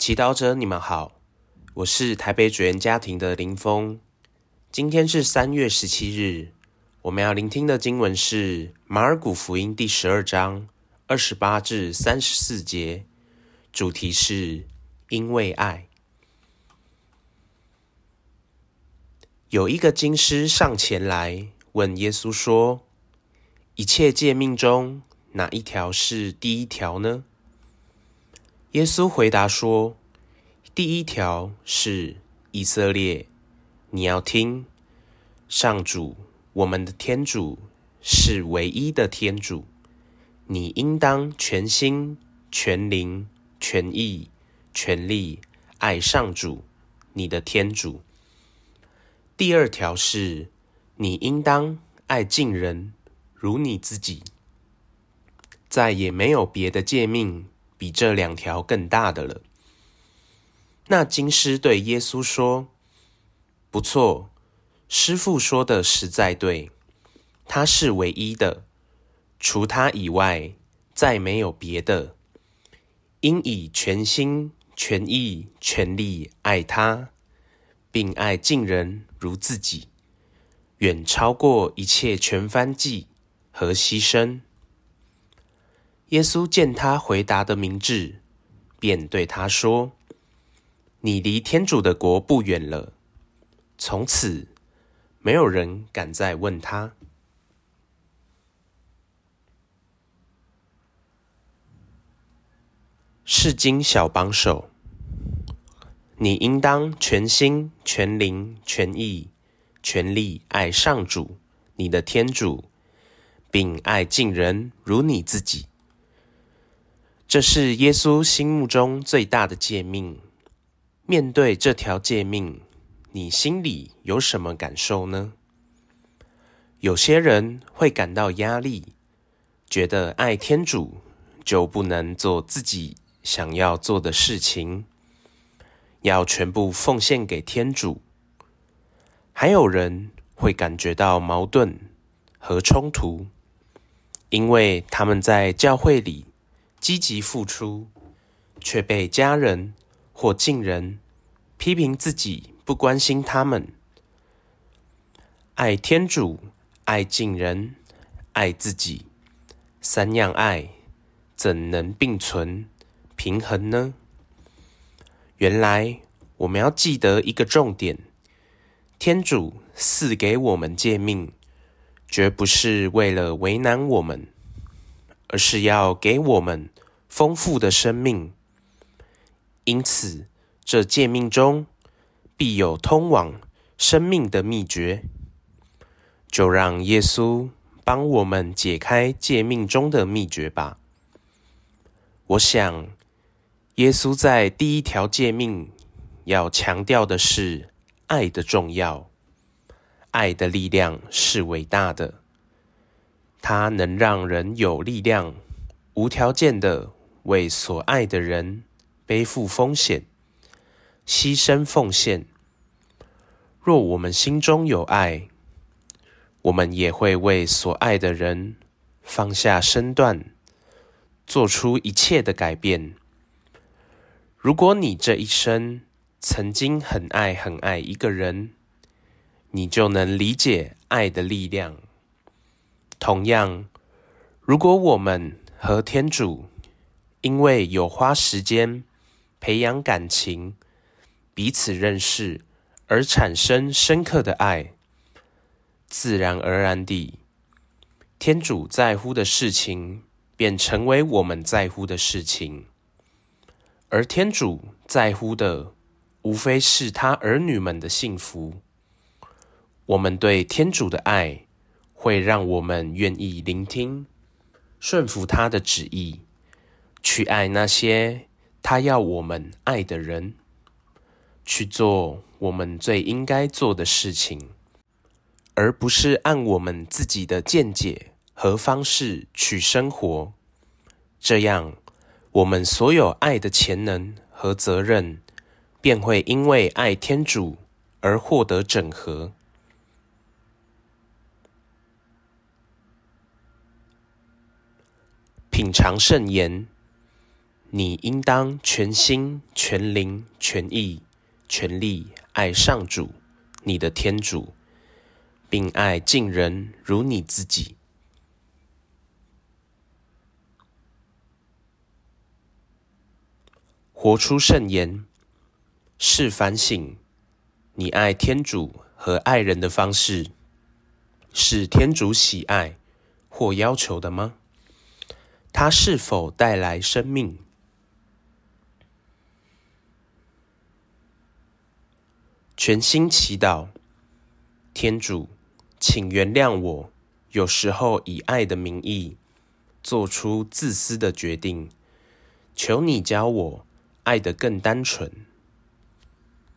祈禱者，你們好，我是台北主人家庭的林峰。今天是三月十七日，我們要聆聽的經文是馬爾谷福音第十二章二十八至三十四節，主題是“因為愛”。有一個經師上前來問耶穌說：“一切誡命中，哪一條是第一條呢？”耶穌回答說：“第一條是，以色列，你要聽，上主我們的天主是唯一的天主，你應當全心、全靈、全意、全力愛上主你的天主。第二條是，你應當愛近人如你自己，再也沒有別的誡命。”比這兩條更大的了。那經師對耶穌說：“不錯，師傅說的實在對。他是唯一的，除他以外，再沒有別的。應以全心、全意、全力愛他，並愛近人如自己，遠超過一切全燔祭和犧牲。”耶穌見他回答的明智，便對他說：“你離天主的國不遠了。”從此，沒有人敢再問他。聖經小幫手，你應當全心、全靈、全意、全力愛上主，你的天主，並愛近人如你自己。這是耶穌心目中最大的誡命。面對這條誡命，你心裡有什麼感受呢？有些人會感到壓力，覺得愛天主就不能做自己想要做的事情，要全部奉獻給天主。還有人會感覺到矛盾和衝突，因為他們在教會裡。積極付出，卻被家人或近人批評自己不關心他們；愛天主、愛近人、愛自己，三樣愛怎能並存平衡呢？原來我們要記得一個重點：天主賜給我們誡命，絕不是為了為難我們。而是要給我們豐富的生命，因此這誡命中必有通往生命的秘訣。就讓耶穌幫我們解開誡命中的秘訣吧。我想，耶穌在第一條誡命要強調的是愛的重要，愛的力量是偉大的。它能讓人有力量，無條件的為所愛的人背負風險、犧牲奉獻。若我們心中有愛，我們也會為所愛的人放下身段，做出一切的改變。如果你這一生曾經很愛很愛一個人，你就能理解愛的力量。同樣，如果我們和天主因為有花時間培養感情，彼此認識而產生深刻的愛，自然而然地，天主在乎的事情便成為我們在乎的事情。而天主在乎的，無非是他兒女們的幸福。我們對天主的愛，會讓我們願意聆聽，順服他的旨意，去愛那些他要我們愛的人，去做我們最應該做的事情，而不是按我們自己的見解和方式去生活。這樣，我們所有愛的潛能和責任便會因為愛天主而獲得整合。品嘗聖言，你應當全心、全靈、全意、全力愛上主，你的天主，並愛近人如你自己。活出聖言，是反省你愛天主和愛人的方式，是天主喜愛或要求的嗎？它是否帶來生命？全心祈禱，天主，請原諒我，有時候以愛的名義做出自私的決定。求你教我愛得更單純。